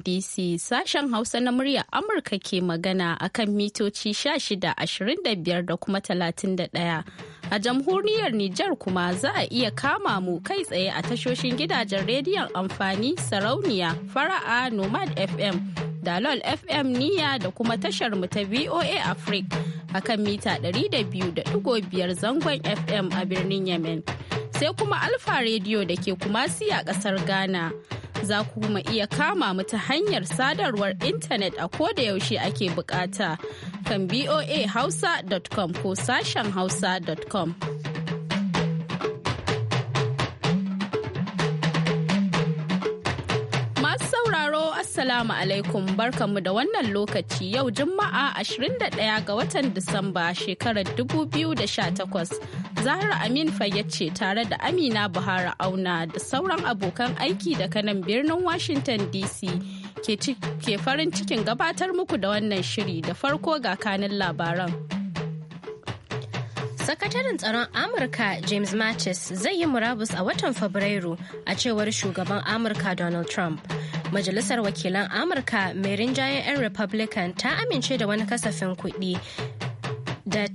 DC sashen Hausa na murya Amurka ke magana akan mitoci 1625 da kuma 31. A jamhuriyar Nijar kuma za a iya kama mu kai tsaye a tashoshin gidajen rediyon amfani sarauniya fara'a Nomad FM, Dalol FM niya da kuma tashar mu ta VOA Africa akan mita 200.5 zangon FM a birnin Yemen. Sai kuma Alfa Radio da ke kumasi a ƙasar Ghana. za ku kuma iya kama mu ta hanyar sadarwar intanet a koda yaushe ake bukata kan hausa.com ko sashen hausa.com. Assalamu alaikum barkanmu da wannan lokaci yau Juma'a 21 ga watan Disamba shekarar 2018. Zahra Amin ce tare da Amina Buhari Auna da sauran abokan aiki da nan birnin Washington DC ke farin cikin gabatar muku da wannan shiri da farko ga kanin labaran. sakataren tsaron amurka james mattis zai yi murabus a watan fabrairu a cewar shugaban amurka donald trump Majalisar Wakilan Amurka mai rinjayen 'yan Republican ta amince da wani kasafin kuɗi da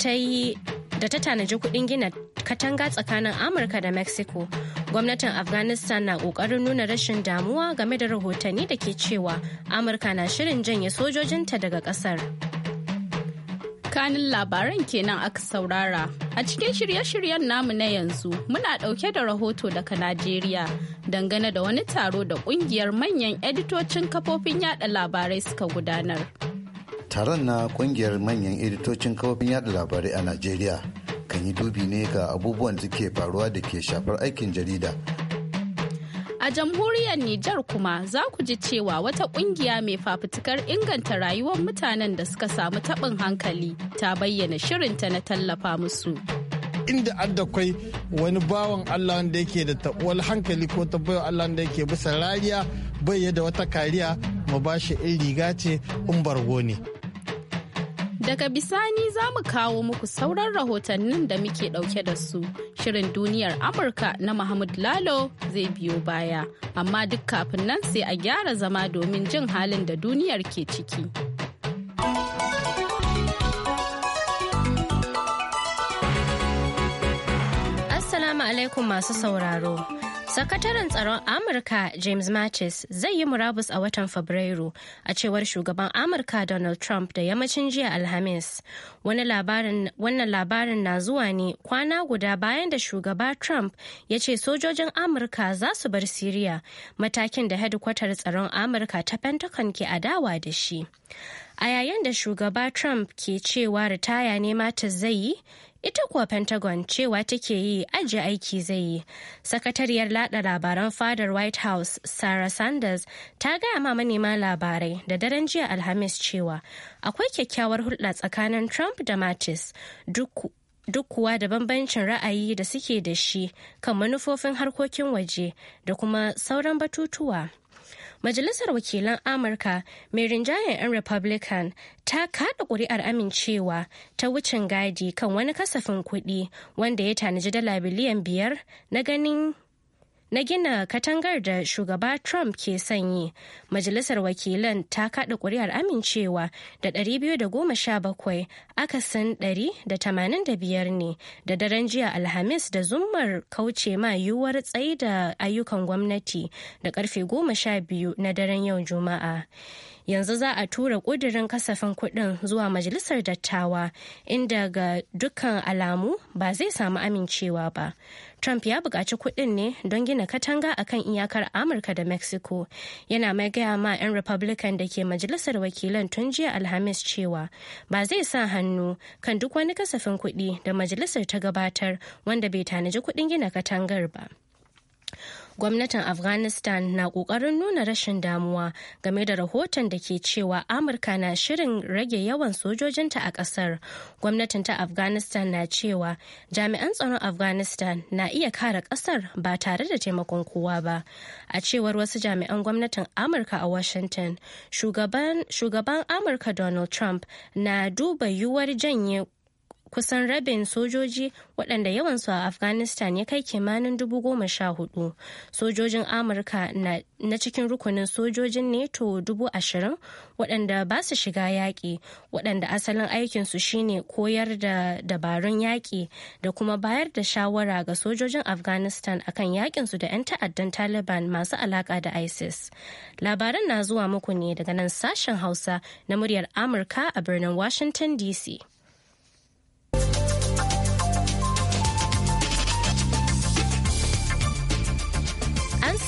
ta tanaji kuɗin gina katanga tsakanin Amurka da Mexico. Gwamnatin Afghanistan na ƙoƙarin nuna rashin damuwa game da rahotanni da ke cewa Amurka na shirin janye sojojinta daga ƙasar. tsakanin labaran kenan aka saurara. A cikin shirye-shiryen namu na yanzu muna ɗauke da rahoto daga Najeriya dangane da wani taro da ƙungiyar manyan editocin kafofin yada labarai suka gudanar. Taron na ƙungiyar manyan editocin kafofin yada labarai a Najeriya kan yi dubi ne ga abubuwan da ke faruwa da ke shafar aikin jarida A jamhuriyar Nijar kuma za ku ji cewa wata kungiya mai fafutukar inganta rayuwar mutanen da suka samu taɓin hankali ta bayyana shirinta na tallafa musu. inda addakwai wani bawan Allah wanda yake da tabuwar hankali ko tabbayar Allah wanda yake bisa rariya bai da wata kariya mu ba shi in riga ce in bargo ne. Daga bisani za mu kawo muku sauran rahotannin da muke ɗauke da su. Shirin duniyar Amurka na Mahmud Lalo zai biyo baya. Amma duk kafin nan sai a gyara zama domin jin halin da duniyar ke ciki. Assalamu alaikum masu sauraro. Sakataren tsaron Amurka James Mattis zai yi murabus a watan Fabrairu a cewar shugaban Amurka Donald Trump da yammacin jiya Alhamis. Wannan labarin na zuwa ne kwana guda bayan da shugaba Trump ya ce sojojin Amurka za su bar Siriya matakin da hedikwatar tsaron Amurka ta Pentagon ke adawa da shi. A yayin da shugaba Trump ke cewa ritaya ne Mattis zai yi, ita kuwa pentagon cewa take yi ajiye aiki zai yi sakatariyar lada labaran fadar white house sarah sanders ta gaya ma manema labarai da daren jiya alhamis cewa akwai kyakkyawar hulɗa tsakanin trump da mattis duk duk kuwa da bambancin ra'ayi da suke da shi kan manufofin harkokin waje da kuma sauran batutuwa. Majalisar Wakilan Amurka mai rinjayen 'yan Republican ta kada ƙuri'ar amincewa ta wucin gadi kan wani kasafin kuɗi wanda ya tanaji dala biliyan biyar na ganin na gina katangar da shugaba Trump ke sanyi. Majalisar wakilan ta kaɗa ƙuri'ar amincewa da 217 akasin 185 ne da daren jiya Alhamis da zummar kauce ma yiwuwar tsaida ayyukan gwamnati da karfe 12 na daren yau Juma'a. yanzu za a tura ƙudirin kasafin kuɗin zuwa majalisar dattawa inda ga dukkan alamu ba zai samu amincewa ba trump ya buƙaci kuɗin ne don gina katanga a kan iyakar amurka da mexico yana mai gaya ma 'yan republican da ke majalisar wakilan tun jiya alhamis cewa ba zai sa hannu kan duk wani kasafin kuɗi da majalisar ta gabatar wanda bai tanaji kuɗin gina katangar ba. gwamnatin afghanistan na kokarin nuna rashin damuwa game da rahoton da ke cewa amurka na shirin rage yawan sojojinta a kasar gwamnatin ta afghanistan na cewa jami'an tsaron afghanistan na iya kare kasar ba tare da taimakon kowa ba a cewar wasu jami'an gwamnatin amurka a washington shugaban amurka donald trump na duba yiwuwar janye kusan rabin sojoji waɗanda yawansu a afghanistan ya kai kimanin dubu goma sha hudu sojojin amurka na cikin rukunin sojojin neto dubu ashirin waɗanda ba su shiga yaƙi waɗanda asalin aikinsu shine koyar da dabarun yaƙi da kuma bayar da shawara ga sojojin afghanistan akan yaƙinsu da 'yan ta'addan taliban masu alaƙa da isis labaran na zuwa muku ne daga nan sashen hausa na muryar amurka a birnin washington dc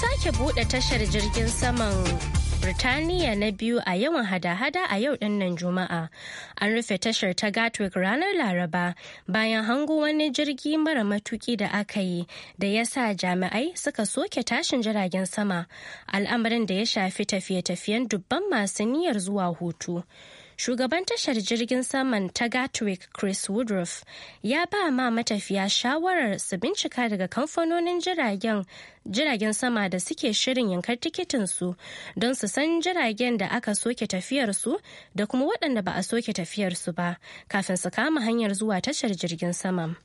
sake bude tashar jirgin saman Birtaniya na biyu a yawan hada-hada a yau dinnan Juma'a. An rufe tashar ta Gatwick ranar Laraba bayan hango wani jirgi mara matuki da aka yi da ya sa jami'ai suka soke tashin jiragen sama, al'amarin da ya shafi tafiye-tafiyen dubban masu niyyar zuwa hutu. shugaban tashar jirgin saman ta gatwick chris woodruff ya ba ma matafiya shawarar su bincika daga kamfanonin jiragen jiragen sama da suke shirin yankar tikitinsu don su san jiragen da aka soke tafiyarsu da kuma waɗanda ba a soke tafiyarsu ba kafin su kama hanyar zuwa tashar jirgin sama.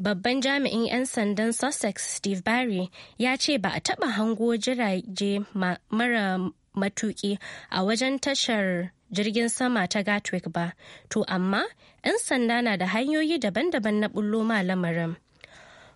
Babban jami'in 'yan sandan Sussex Steve Barry ya ce ba a taɓa hango jirage mara matuki a wajen tashar jirgin sama ta gatwick ba to amma 'yan sanda na da hanyoyi daban-daban na bullo ma lamarin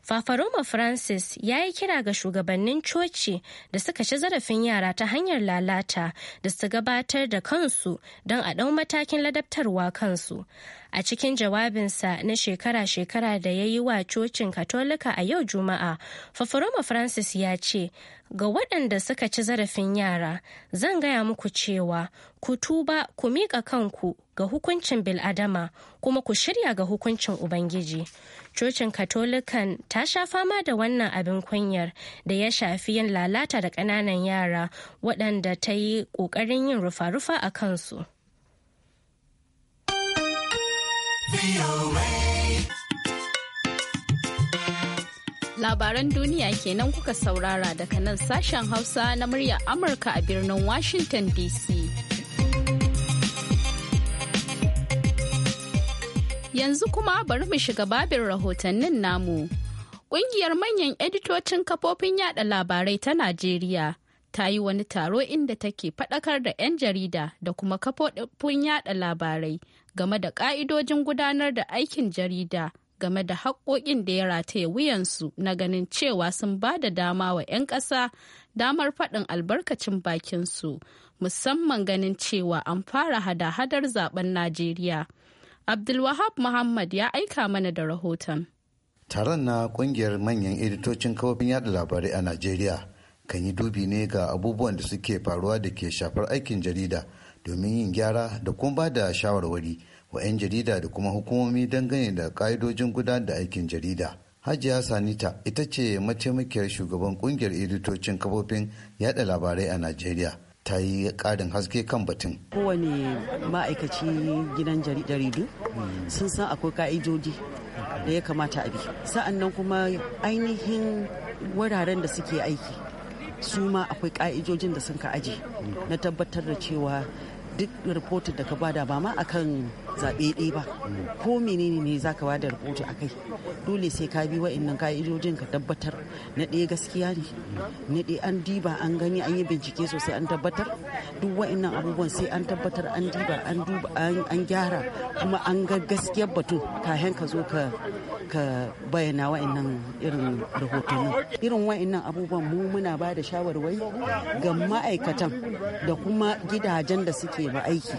Fafaroma Francis ya yi kira ga shugabannin coci da suka ci zarafin yara ta hanyar lalata da su gabatar da kansu don a ɗau matakin ladabtarwa kansu. A cikin jawabinsa na shekara-shekara da ya yi wa cocin Katolika a yau Juma'a, Fafaroma Francis ya ce, Ga waɗanda suka ci zarafin yara, zan gaya muku cewa ku tuba ku miƙa kanku ga hukuncin bil'adama kuma ku shirya ga hukuncin Ubangiji. cocin katolikan ta sha fama da wannan abin kunyar da ya shafi yin lalata da ƙananan yara waɗanda ta yi ƙoƙarin yin rufa-rufa a kansu. Labaran duniya kenan kuka saurara daga nan sashen Hausa na murya Amurka a birnin Washington DC. Yanzu kuma bari mu shiga babin rahotannin namu. Ƙungiyar manyan editocin kafofin yada labarai ta Najeriya ta yi wani taro inda take faɗakar da 'yan jarida da kuma kafofin yada labarai game da ƙa'idojin gudanar da aikin jarida game da haƙƙoƙin da ya rataye wuyansu na ganin cewa sun ba da dama wa 'yan ƙasa damar faɗin albarkacin bakinsu musamman ganin cewa an fara hada-hadar zaben Najeriya. Abdulwahab Muhammad ya aika mana da rahoton. Taron na kungiyar manyan editocin kafofin yada labarai a Najeriya kan yi dubi ne ga abubuwan da suke faruwa da ke shafar aikin jarida domin yin gyara da kuma ba da shawarwari wa 'yan jarida da kuma hukumomi dangane da ka'idojin gudanar da aikin jarida. Hajiya Sanita ita ce mataimakiyar shugaban kungiyar editocin kafofin yada labarai a Najeriya. ta yi ƙarin haske kan batun. Kowane ma'aikaci gidan jaridu sun san akwai ka'idodi da ya kamata a bi. Sa'an kuma ainihin wuraren da suke aiki su ma akwai ka'idojin da sun ka aji na tabbatar da cewa duk rahoton da ka bada ba ma akan zaɓe ɗaya ba ko menene ne za ka bada rahoto a kai dole sai ka bi wa'annan ka'idojin ka tabbatar na ɗaya gaskiya ne na ɗaya an diba an gani an yi bincike sosai an tabbatar duk wa'annan abubuwan sai an tabbatar an diba an an gyara kuma an ga gaskiyar batun kayan ka zo ka ka bayyana wa'annan irin rahotanni irin wa'annan abubuwan mu muna ba da shawarwari ga ma'aikatan da kuma gidajen da suke ba aiki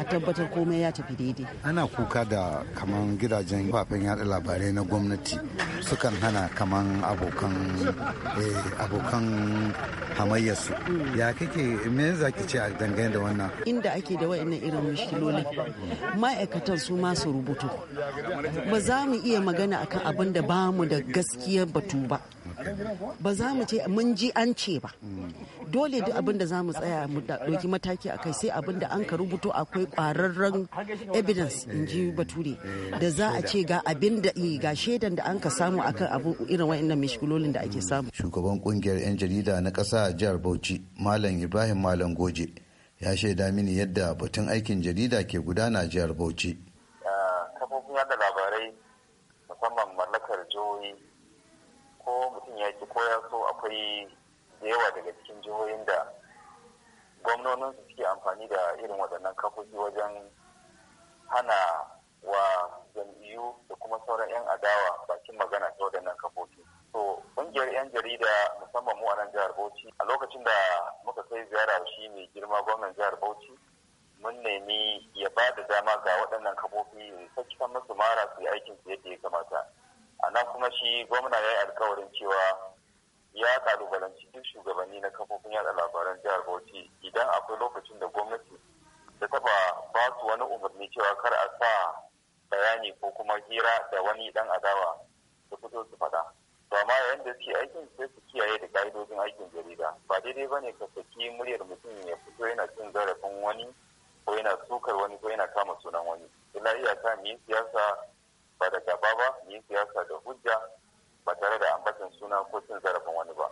a tabbatar komai ya tafi daidai ana kuka da kaman gidajen kafin yada labarai na gwamnati sukan hana kaman abokan eh, abokan hamayyarsu mm. ya kake me za ki ce a dangane da wannan inda ake da wa'annan irin mishkilolin ma'aikatan su ma su rubutu ba za mu iya magana akan abin da ba mu da gaskiyar batu ba ba za mu ce mun ji an ce ba dole duk abin da za mu tsaya mu ɗauki mataki a kai sai abin da an ka rubuto akwai ƙwararren evidence in ji bature da za a ce ga abin da eh, ga shaidan da an ka samu akan abu irin wa'annan mishkilolin da ake samu shugaban kungiyar 'yan jarida na ƙasa jihar bauchi malam ibrahim malam goje ya shaida mini yadda batun aikin jarida ke gudana jihar bauchi kafofin yada labarai musamman mallakar jihohi ko mutum ya ki ko ya so akwai da yawa daga cikin jihohin da gwamnonin su suke amfani da irin waɗannan kafofi wajen hana wa jam'iyyu da kuma sauran 'yan adawa bakin magana ta waɗannan kafofi. So, ƙungiyar 'yan jarida musamman mu a nan jihar Bauchi a lokacin da muka kai ziyara shi mai girma gwamnan jihar Bauchi mun nemi ya ba da dama ga waɗannan kafofi ta cikin masu mara su yi aikin su yadda ya kamata a nan kuma shi gwamna ya yi alkawarin cewa ya kalubalanci duk shugabanni na kafofin yada labaran jihar bauchi idan akwai lokacin da gwamnati ta taba ba su wani umarni cewa kar a sa bayani ko kuma hira da wani dan adawa su fito su faɗa to amma yayin da suke aikin sai su kiyaye da ka'idojin aikin jarida ba daidai ba ne ka saki muryar mutum ya fito yana cin zarafin wani ko yana sukar wani ko yana kama sunan wani illa iyaka mu yi siyasa ba da gaba ba mu siyasa da hujja ba tare da ambatan suna ko cin zarafin wani ba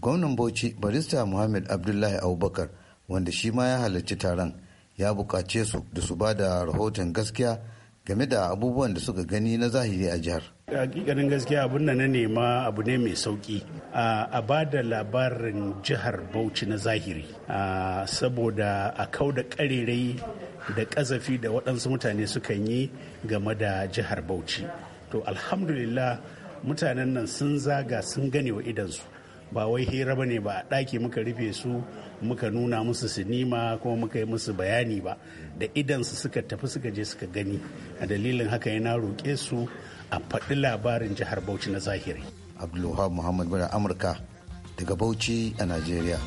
gwamnan bauchi barista muhammad abdullahi abubakar wanda shi ma ya halarci taron ya bukace su da su ba da rahoton gaskiya game da abubuwan da suka gani na zahiri a jihar. Hakikanin gaskiya abun da na nema abu ne mai sauki a ba da labarin jihar Bauchi na zahiri saboda a kau da karerai da kazafi da waɗansu mutane sukan yi game da jihar Bauchi. To alhamdulillah mutanen nan sun zaga sun gane wa idansu ba wai hira ba ne ba a ɗaki muka rufe su muka nuna musu sinima kuma muka yi musu bayani ba da idansu suka tafi suka je suka gani a dalilin haka yana roƙe su a faɗi labarin jihar bauchi na zahiri Abdullahi muhammad bada amurka daga bauchi a najeriya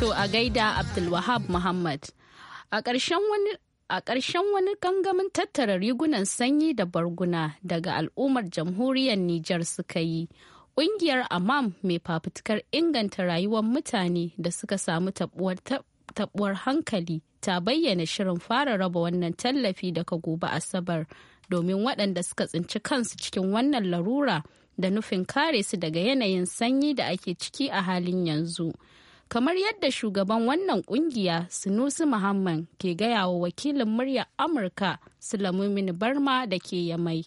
To a gaida Abdulwahab Muhammad. A ƙarshen wani a ƙarshen wani gangamin tattara rigunan sanyi da barguna daga al'ummar jamhuriyar Nijar suka yi. Ƙungiyar Amam mai fafutukar inganta rayuwar mutane da suka samu tabuwar hankali ta bayyana shirin fara raba wannan tallafi daga gobe Asabar domin waɗanda suka tsinci kansu cikin wannan larura da nufin kare su daga yanayin sanyi da ake ciki a halin yanzu. kamar yadda shugaban wannan kungiya sunusi muhammad ke gaya wa wakilin muryar amurka sulamumin barma da ke yamai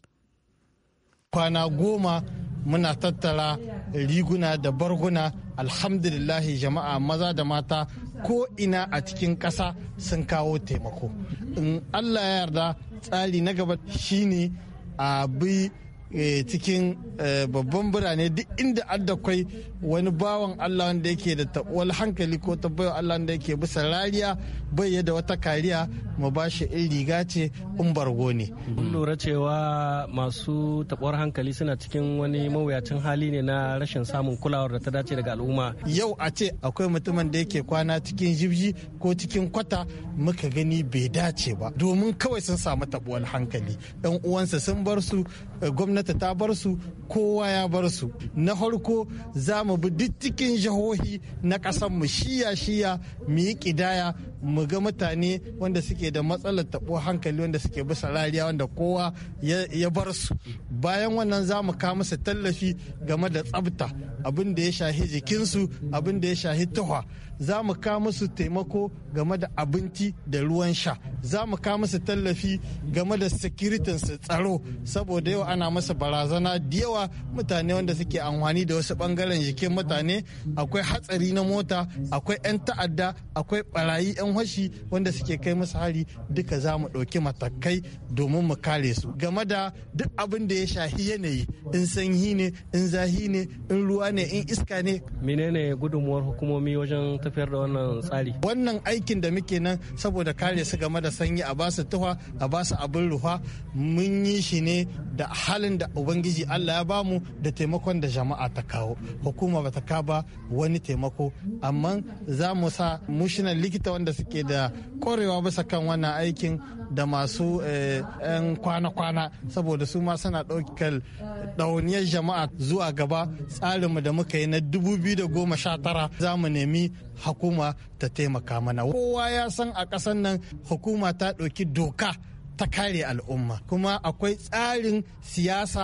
kwana goma muna tattara riguna da barguna alhamdulillahi jama'a maza da mata ko ina a cikin ƙasa sun kawo taimako in allah ya yarda tsari na gaba shine a bi Eh, cikin eh, babban birane duk inda addakwai wani bawan Allah wanda yake da taɓuwar hankali ko tabbaya Allah wanda yake bisa rariya bai da wata kariya mu ba shi in riga ce in bargo ne. Mun lura cewa masu taɓuwar hankali suna cikin wani mawuyacin hali ne na rashin samun kulawar da ta dace daga al'umma. Yau a ce akwai mutumin da yake kwana cikin jibji ko cikin kwata muka gani bai dace ba domin kawai sun samu tabuwar hankali. ɗan uwansa sun bar su eh, gwamnati gwamnati ta bar su kowa ya bar su na farko za mu bi diddikin jihohi na ƙasar mu shiya shiya mu yi ƙidaya mu ga mutane wanda suke da matsalar tabo hankali wanda suke bisa rariya wanda kowa ya bar su bayan wannan za mu kawo musu tallafi game da tsabta abin da ya shahi jikinsu abin da ya shahi tuhwa za mu kawo musu taimako game da abinci da ruwan sha za mu kawo musu tallafi game da sikiritin su tsaro saboda yau ana masa barazana da yawa mutane wanda suke amfani da wasu bangaren jikin mutane akwai hatsari na mota akwai 'yan ta'adda akwai barayi 'yan 'yan wanda suke kai musu hari duka za mu ɗauki matakai domin mu kare su game da duk abin da ya shahi yanayi in sanyi ne in zahi ne in ruwa ne in iska ne menene gudunmuwar hukumomi wajen tafiyar da wannan tsari wannan aikin da muke nan saboda kare su game da sanyi a ba su tuwa a ba su abin rufa mun yi shi ne da halin da ubangiji allah ya bamu da taimakon da jama'a ta kawo hukuma bata ba wani taimako amma za mu sa mushinan likita wanda suke da korewa bisa kan wannan aikin da masu eh, 'yan kwana-kwana saboda su ma suna ɗaukar ɗauniyar jama'a zuwa gaba tsarinmu da muka yi na 2019 za mu nemi hukuma ta taimaka mana kowa ya san a ƙasar nan hukuma ta ɗauki doka ta kare al'umma kuma akwai tsarin siyasa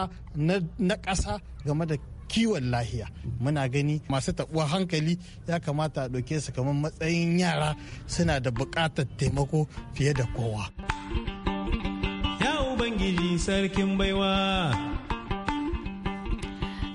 na ƙasa game da kiwon lahiya muna gani masu taɓuwa hankali ya kamata a ɗauke su kamar matsayin yara suna da buƙatar taimako fiye da kowa ya ubangiji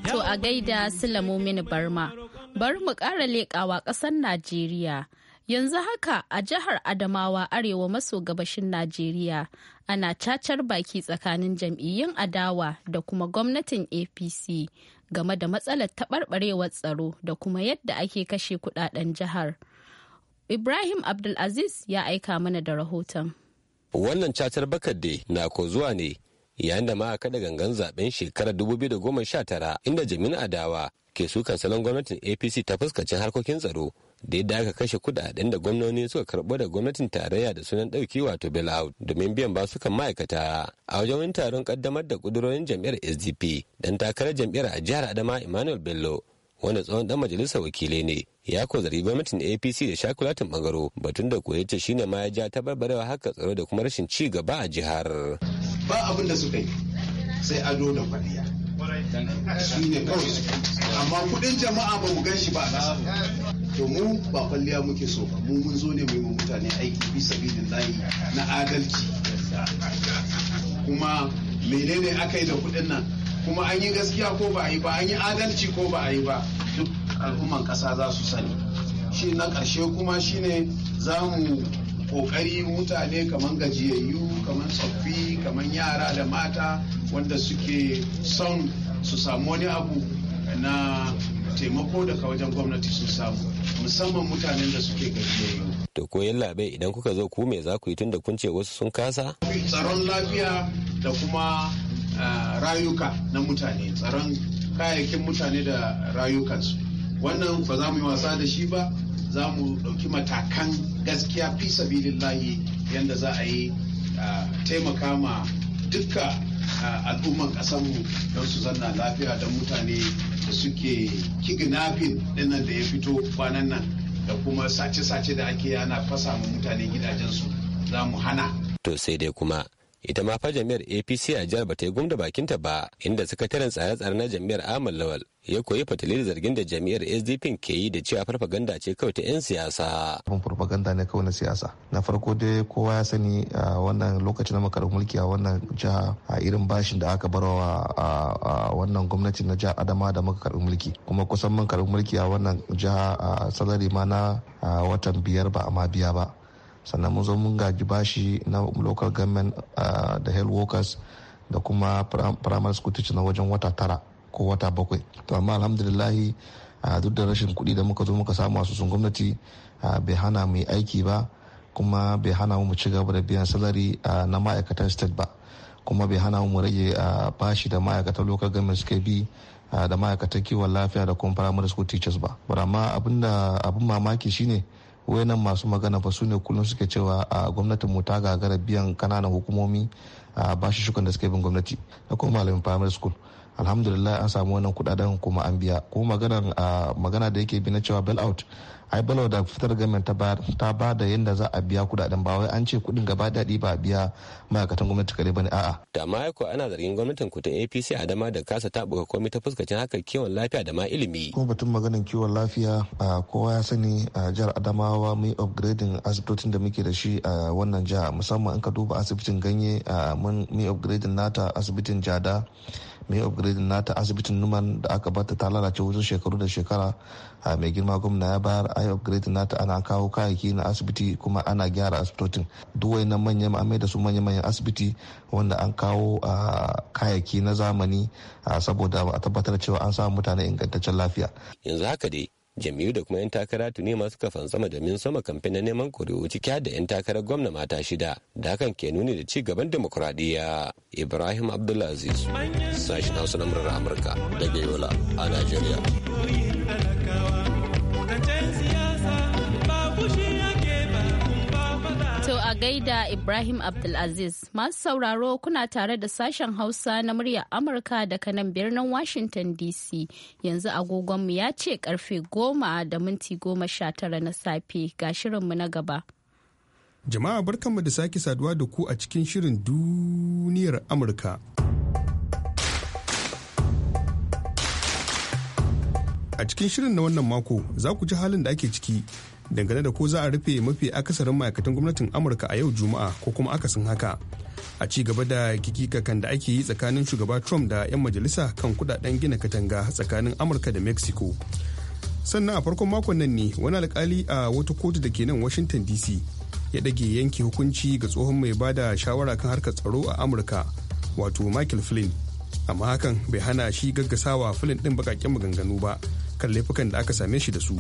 to a gaida sulamu mini barma bari mu ƙara leƙawa ƙasar najeriya yanzu haka a jihar adamawa arewa maso gabashin najeriya ana cacar baki tsakanin jam'iyyun adawa da kuma gwamnatin apc game da matsalar taɓarɓarewar tsaro da kuma yadda ake kashe kudaden jihar. Ibrahim Abdulaziz ya aika mana da rahoton. Wannan catar bakar na ko zuwa ne yayin da ma da gangan zaben shekarar 2019 inda Jami'in Adawa ke sukan salon gwamnatin apc ta fuskacin harkokin tsaro da yadda aka kashe kudaden da gwamnoni suka karɓo da gwamnatin tarayya da sunan ɗauki wato bailout domin biyan ba kan ma'aikata a wajen wani taron kaddamar da kudurorin jam'iyyar sdp dan takarar jam'iyyar a jihar adama emmanuel bello wanda tsohon dan majalisar wakilai ne ya ko zargi gwamnatin apc da shakulatin bangaro batun da koya ce shine ma ya ja ta barbarewa haka tsaro da kuma rashin ci gaba a jihar ba abin da suka yi sai ado da kwaliya shine kawai amma kudin jama'a ba mu gan shi ba to mu ba kwalliya muke so ba mu mun zo ne mu mutane aiki bisa sabilin layi na adalci kuma menene aka yi da kuɗin nan kuma an yi gaskiya ko ba a yi ba an yi adalci ko ba a yi ba duk al'umman ƙasa za su sani shi na karshe kuma shine za mu ƙoƙari mutane kamar gajiyayyu kamar tsoffi kamar yara da mata wanda suke son su samu wani abu na taimako daga wajen gwamnati sun samu musamman mutanen da suke gajiyoyi. To ko labe idan kuka zo ku me za ku yi tunda kun ce wasu sun kasa? Tsaron lafiya da kuma eh, rayuka na mutane tsaron kayayyakin mutane da rayukansu wannan ba za mu yi wasa da shi ba za mu ɗauki matakan gaskiya fi sabilillahi yadda za a yi eh, taimaka ma dukka al'umman mu don su zanna lafiya don mutane da suke kidnapping dinnan da ya fito kwanan nan da kuma sace-sace da ake yana fasa mutane gidajensu za mu hana. To sai dai kuma ita ma fa jami'ar apc a jihar ba ta yi gumda ta ba inda sakataren tsare-tsare na jami'ar amal lawal ya koyi fatalir zargin da jami'ar sdp ke yi da cewa farfaganda ce kawai ta 'yan siyasa. farfaganda ne kawai na siyasa na farko dai kowa ya sani a wannan lokacin na makarar mulki a wannan jiha a irin bashin da aka barwa a wannan gwamnati na jihar adama da muka karɓi mulki kuma kusan mun karɓi mulki a wannan jiha a salari ma na watan biyar ba a ma biya ba sannan mun zo mun gaji bashi na local government ah, da health workers da kuma primary school teacher na wajen wata tara ko wata bakwai to amma a ah, duk da rashin kuɗi da muka zo muka samu a sun gwamnati ah, bai hana mu aiki ba kuma bai hana mu ci gaba da biyan salari na ma'aikatan state ba kuma bai hana mu rage bashi da ma'aikatan local government suke bi da ma'aikatan kiwon lafiya da kuma primary school teachers ba amma abin mamaki shine wayannan masu magana ba su ne kullum suke cewa a gwamnatin mu ta gagara biyan kananan hukumomi a bashi shukan da suke bin gwamnati na kuma malamin primary school alhamdulillah an samu wannan kudaden kuma an biya ko magana da yake bi na cewa bail out ai bail da fitar gamin ta ba da yadda za a biya kudaden ba wai an ce kudin gaba daɗi ba a biya ma'aikatan gwamnati kare bane a'a da ma ana zargin gwamnatin ku APC a dama da kasa ta buga komai ta fuskacin haka kiwon lafiya da ma ilimi kuma batun maganin kiwon lafiya kowa ya sani a jihar Adamawa mai upgrading asibitocin da muke da shi a wannan jiha musamman in ka duba asibitin ganye mun mai upgrading nata asibitin Jada mai na nata asibitin numan da aka bata ta lalace wajen shekaru da shekara a mai girma gwamna ya bayar a na nata ana kawo kayayyaki na asibiti kuma ana gyara asibitocin duk na manyan amai da su manyan manyan asibiti wanda an kawo a kayayyaki na zamani saboda a tabbatar cewa an samu mutane ingantaccen lafiya yanzu haka dai jam'iyyu da kuma 'yan takara tuni masu suka sama domin sama kamfe na neman kuri'u ciki da 'yan takarar gwamna mata shida da hakan ke nuni da ci gaban demokuraɗiyya ibrahim abdulaziz sashen hausa na murar amurka daga yola a najeriya a gaida Ibrahim Abdulaziz. Masu sauraro kuna tare da sashen Hausa na muryar Amurka daga nan birnin Washington DC. Yanzu agogonmu ya ce karfe goma da minti goma sha tara na safe ga shirinmu na gaba. Jama'a barkanmu da sake saduwa da ku a cikin shirin duniyar Amurka. A cikin shirin na wannan mako za ku ji halin da ake ciki dangane da ko za a rufe mafi akasarin ma'aikatan gwamnatin amurka a yau juma'a ko kuma akasin haka a ci gaba da kikikakan da ake yi tsakanin shugaba trump da 'yan majalisa kan kudaden gina katanga tsakanin amurka da mexico sannan a farkon makon nan ne wani alkali a wata kotu da ke nan washington dc ya dage yanke hukunci ga tsohon mai ba da shawara kan harkar tsaro a amurka wato michael flynn amma hakan bai hana shi gaggasawa filin ɗin bakakken maganganu ba kan laifukan da aka same shi da su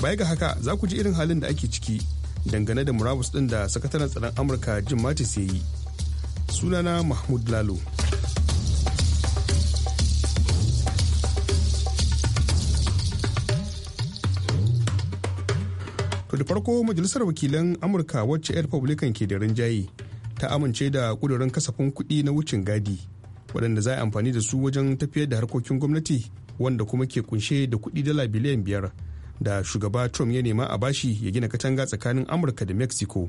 baya ga haka za ku ji irin halin da ake ciki dangane da murabus ɗin da sakataren tsaron amurka jim mattis ya yi sunana mahmud lalo to da farko majalisar wakilan amurka wacce 'yan republican ke da rinjaye ta amince da kudurin kasafin kudi na wucin gadi waɗanda za a amfani da su wajen tafiyar da harkokin gwamnati wanda kuma ke kunshe da kudi dala biliyan biyar da shugaba trump ya nema a bashi ya gina katanga tsakanin amurka da mexico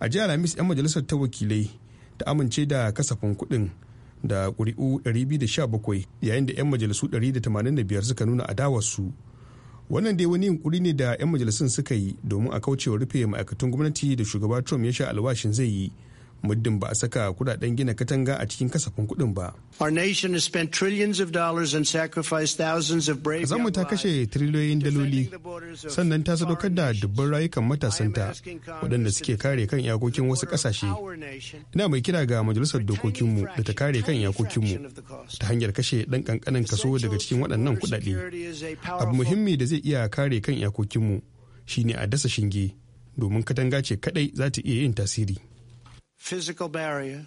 a jiya alhamis 'yan majalisar ta wakilai ta amince da kasafin kuɗin da ƙuri'u 217 yayin da 'yan majalisu 185 suka nuna adawarsu wannan dai wani yunkuri ne da 'yan majalisun suka yi domin a kaucewa rufe ma'aikatan gwamnati da shugaba trump ya sha alwashin zai yi muddin ba a saka kudaden gina katanga a cikin kasafin kudin ba. Zamu ta kashe triliyoyin daloli sannan ta sadaukar da dubban rayukan matasanta waɗanda suke kare kan iyakokin wasu ƙasashe. Ina mai kira ga majalisar dokokinmu da ta kare kan iyakokinmu ta hanyar kashe ɗan ƙanƙanin kaso daga cikin waɗannan kuɗaɗe. Abu muhimmi da zai iya kare kan iyakokinmu shine a dasa shinge domin katanga ce kaɗai za ta iya yin tasiri. physical barrier.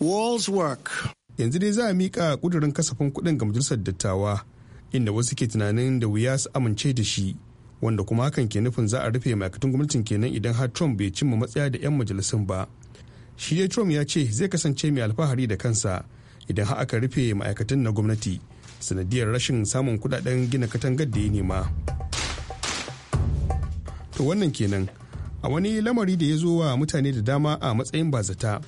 Walls work. Yanzu dai za a miƙa ƙudurin kasafin kuɗin ga majalisar dattawa inda wasu ke tunanin da wuya su amince da shi wanda kuma hakan ke nufin za a rufe ma'aikatan gwamnatin kenan idan har Trump bai cimma matsaya da 'yan majalisun ba. Shi dai Trump ya ce zai kasance mai alfahari da kansa idan har aka rufe ma'aikatan na gwamnati sanadiyar rashin samun kudaden gina katangar da ya nema. To wannan kenan a wani lamari da ya zo wa mutane da dama a matsayin bazata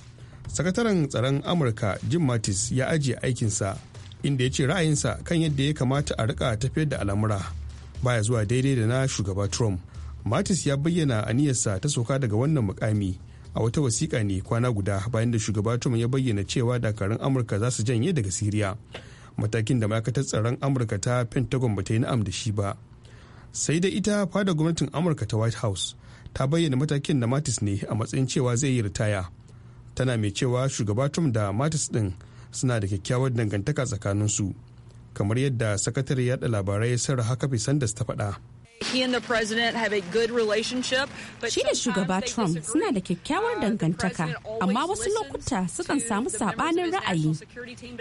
sakataren tsaron amurka jim mattis ya ajiye aikinsa inda ya ce ra'ayinsa kan yadda ya kamata a rika tafiyar da al'amura baya zuwa daidai da na shugaba trump mattis ya bayyana aniyarsa ta soka daga wannan mukami a wata wasiƙa ne kwana guda bayan da shugaba trump ya bayyana cewa dakarun amurka za su janye daga siriya matakin da ma'aikatar tsaron amurka ta pentagon ba ta yi na'am da shi ba sai da ita fada gwamnatin amurka ta white house ta bayyana matakin na matis ne a matsayin cewa zai yi ritaya tana mai cewa shugaba trump da matis din suna da kyakkyawar dangantaka tsakaninsu kamar yadda sakatare yada labarai sarah fi sanders ta faɗa Shi da shugaba Trump suna da kyakkyawar uh, dangantaka, amma wasu lokuta sukan samu saɓanin ra'ayi.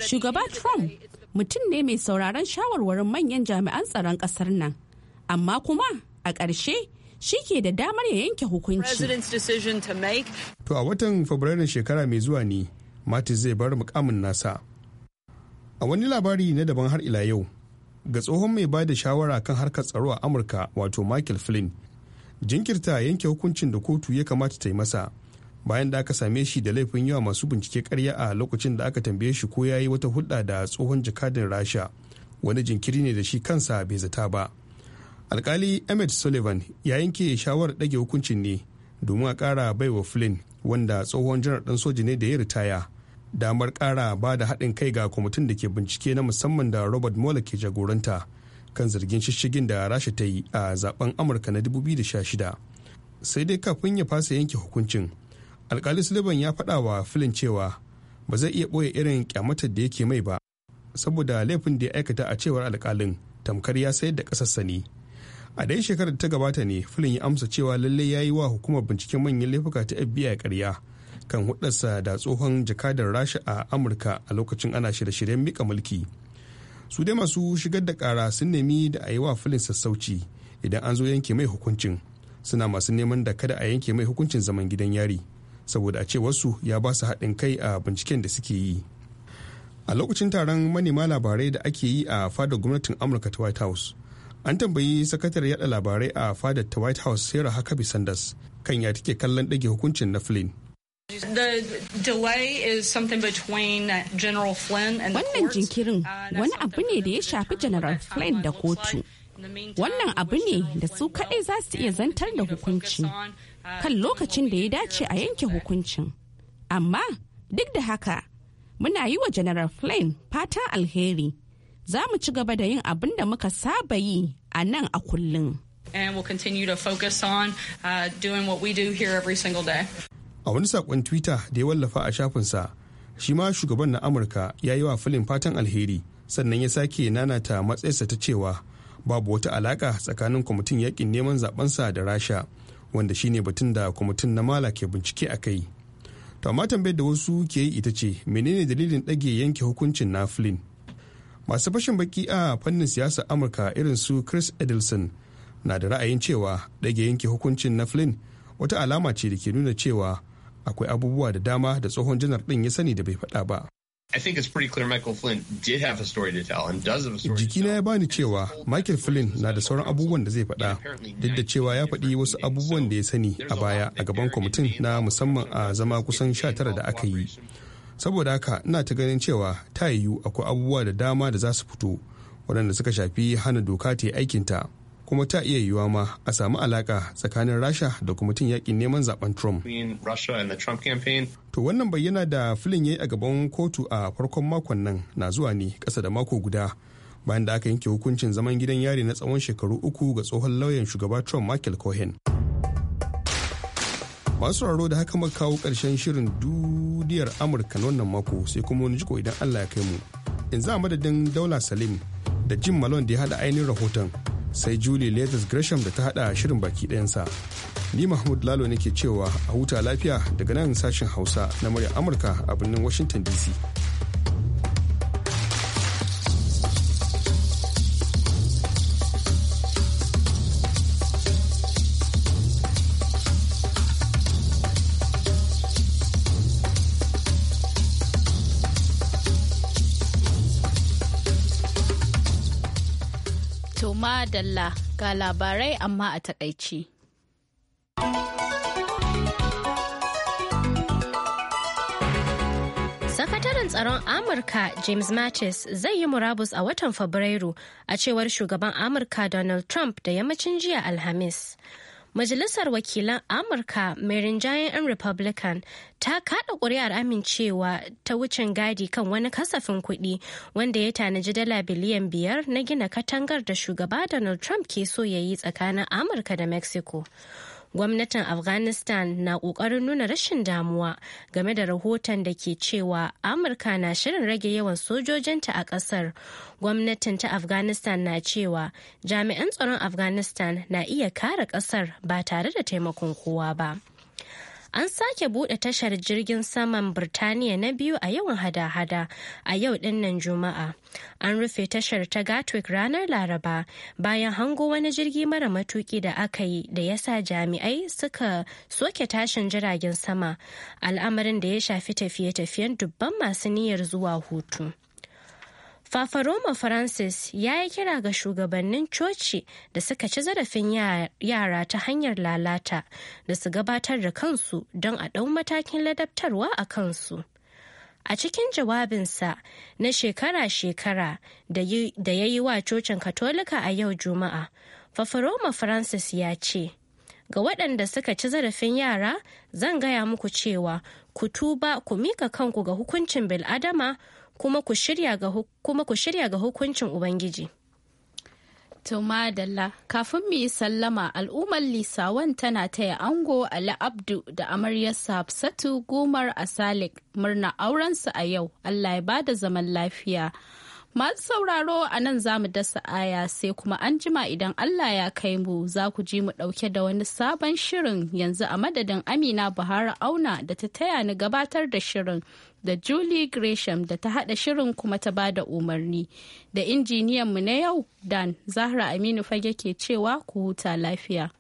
Shugaba Trump mutum ne mai sauraron shawarwarin manyan jami'an tsaron ƙasar nan, amma kuma a ƙarshe shi ke da damar ya yanke hukunci. To a watan Fabrairun shekara mai zuwa ne, Matis zai bar mukamin nasa. A wani labari na daban har ila yau, ga tsohon mai bada shawara kan harkar tsaro a Amurka wato Michael Flynn, jinkirta yanke hukuncin da kotu ya kamata ta yi masa bayan da aka same shi da laifin yawa masu bincike karya a lokacin da aka tambaye shi ko ya yi wata hulɗa da tsohon jakadin rasha wani jinkiri ne da shi kansa bai zata ba alkali emmett sullivan ya yanke shawarar ɗage hukuncin ne domin a ƙara baiwa flynn wanda tsohon janar ɗan soji ne da ya ritaya damar ƙara ba da haɗin kai ga kwamitin da ke bincike na musamman da robert mueller ke jagoranta kan zargin shishigin da rasha ta yi a zaben amurka na 2016 sai dai kafin ya fasa yanke hukuncin alkali sullivan ya faɗa wa filin cewa ba zai iya ɓoye irin kyamatar da yake mai ba saboda laifin da ya aikata a cewar alkalin tamkar ya sayar da ƙasarsa ne a dai shekarar ta gabata ne filin ya amsa cewa lallai ya yi wa hukumar binciken manyan laifuka ta fbi karya kan hudarsa da tsohon jakadar rasha a amurka a lokacin ana shirye-shiryen mika mulki su dai masu shigar da kara sun nemi da a yi wa filin sassauci idan an zo yanke mai hukuncin suna masu neman da kada a yanke mai hukuncin zaman gidan yari saboda a ce wasu ya ba su haɗin kai a binciken da suke yi a lokacin taron manema labarai da ake yi a fadar gwamnatin amurka ta white house an tambayi sakatar yada labarai a fadar ta white house sarah huckabee sanders kan ya take kallon ɗage hukuncin na flynn uh, Wannan jinkirin uh, wani abu ne da ya shafi General Flynn da kotu. Wannan abu ne da su kaɗai za su iya zantar da hukunci uh, kan lokacin da ya dace a yanke hukuncin. Amma duk da haka, muna yi wa General Flynn fatan alheri za mu ci gaba da yin abin da muka saba yi a nan a kullum. And we'll continue to focus on uh, doing what we do here every single day. A wani saƙon Twitter da ya wallafa a shafinsa, shi ma shugaban na Amurka ya yi wa filin fatan alheri sannan ya sake nanata matsayarsa ta cewa babu wata alaƙa tsakanin kwamitin yakin neman zabensa da Rasha, wanda shine batun da kwamitin na Mala ke bincike a kai. ta tambayar da wasu ke yi ita ce menene dalilin ɗage yanke hukuncin na Flynn? masu fashin baki a fannin siyasa amurka irin su chris edelson na da ra'ayin cewa ɗage yanke hukuncin na flynn wata alama ce da ke nuna cewa akwai abubuwa da dama da tsohon janar ɗin ya sani da bai faɗa ba Jikina ya bani cewa Michael Flynn na da sauran abubuwan da zai faɗa, duk da cewa ya faɗi wasu abubuwan da ya sani a baya a gaban kwamitin na musamman a zama kusan 19 da aka yi. saboda haka ina ta ganin cewa ta yiwu akwai abubuwa da dama da za su fito waɗanda suka shafi hana doka ta yi aikinta kuma ta iya yiwuwa ma a samu alaka tsakanin rasha da kuma kwamitin yakin neman zaben trump to wannan bayyana da filin ya yi a gaban kotu a farkon makon nan na zuwa ne ƙasa da mako guda bayan da aka yanke hukuncin zaman gidan yari na tsawon shekaru uku ga tsohon lauyan shugaba trump michael cohen masu raro da haka kawo ƙarshen shirin duk muryar amurka na wannan mako sai kuma wani jiko idan allah ya kai mu yanzu a madadin daula salim da jim malone da ya hada ainihin rahoton sai julie latest gresham da ta hada shirin baki ɗayansa ni mahmud lalo ne ke cewa a huta lafiya daga nan sashen hausa na muryar amurka a birnin washington dc Dalla ga labarai amma a takaici. Sakataren tsaron Amurka James Mattis zai yi murabus a watan Fabrairu a cewar shugaban Amurka Donald Trump da yammacin jiya Alhamis. Majalisar Wakilan Amurka mai rinjayen 'yan Republican ta kada ƙuri'ar amincewa ta wucin gadi kan wani kasafin kuɗi wanda ya tanaji dala biliyan biyar na gina katangar da shugaba Donald Trump ke so ya yi tsakanin Amurka da Mexico. gwamnatin afghanistan na ƙoƙarin nuna rashin damuwa game da rahoton da ke cewa amurka na shirin rage yawan sojojinta a ƙasar gwamnatin ta afghanistan na cewa jami'an tsaron afghanistan na iya kare ƙasar ba tare da taimakon kowa ba. an sake buɗe tashar jirgin saman Birtaniya na biyu a yawan hada-hada a yau dinnan Juma'a. An rufe tashar ta Gatwick ranar Laraba bayan hango wani jirgi mara matuki da aka yi da ya sa jami'ai suka soke tashin jiragen sama, al'amarin da ya shafi tafiye-tafiyen dubban masu niyyar zuwa hutu. Fafaroma Francis ya yi kira ga shugabannin coci da suka ci zarafin yara ta hanyar lalata da su gabatar da kansu don a ɗau matakin ladabtarwa a kansu. A cikin jawabinsa na shekara-shekara da ya yi wa cocin Katolika a yau Juma'a, Fafaroma Francis ya ce, Ga waɗanda suka ci zarafin yara, zan gaya muku cewa ku tuba ku mika kanku ga hukuncin bil'adama kuma ku shirya ga hukuncin Ubangiji. Tumadalla, kafin mu yi sallama al'ummar lisawan tana taya ango Ali Abdu da amaryarsa Hafsatu Gumar a Salik murna aurensu a yau, Allah ya bada zaman lafiya. Masu sauraro a nan za mu dasa aya sai kuma an jima idan Allah ya kai mu za ku ji mu ɗauke da wani sabon shirin yanzu a madadin Amina Buhari Auna da ta taya ni gabatar da shirin da Julie Gresham da ta haɗa shirin kuma ta ba da umarni. Da injiniyan mu na yau Dan Zahra Aminu Fage ke cewa ku huta lafiya.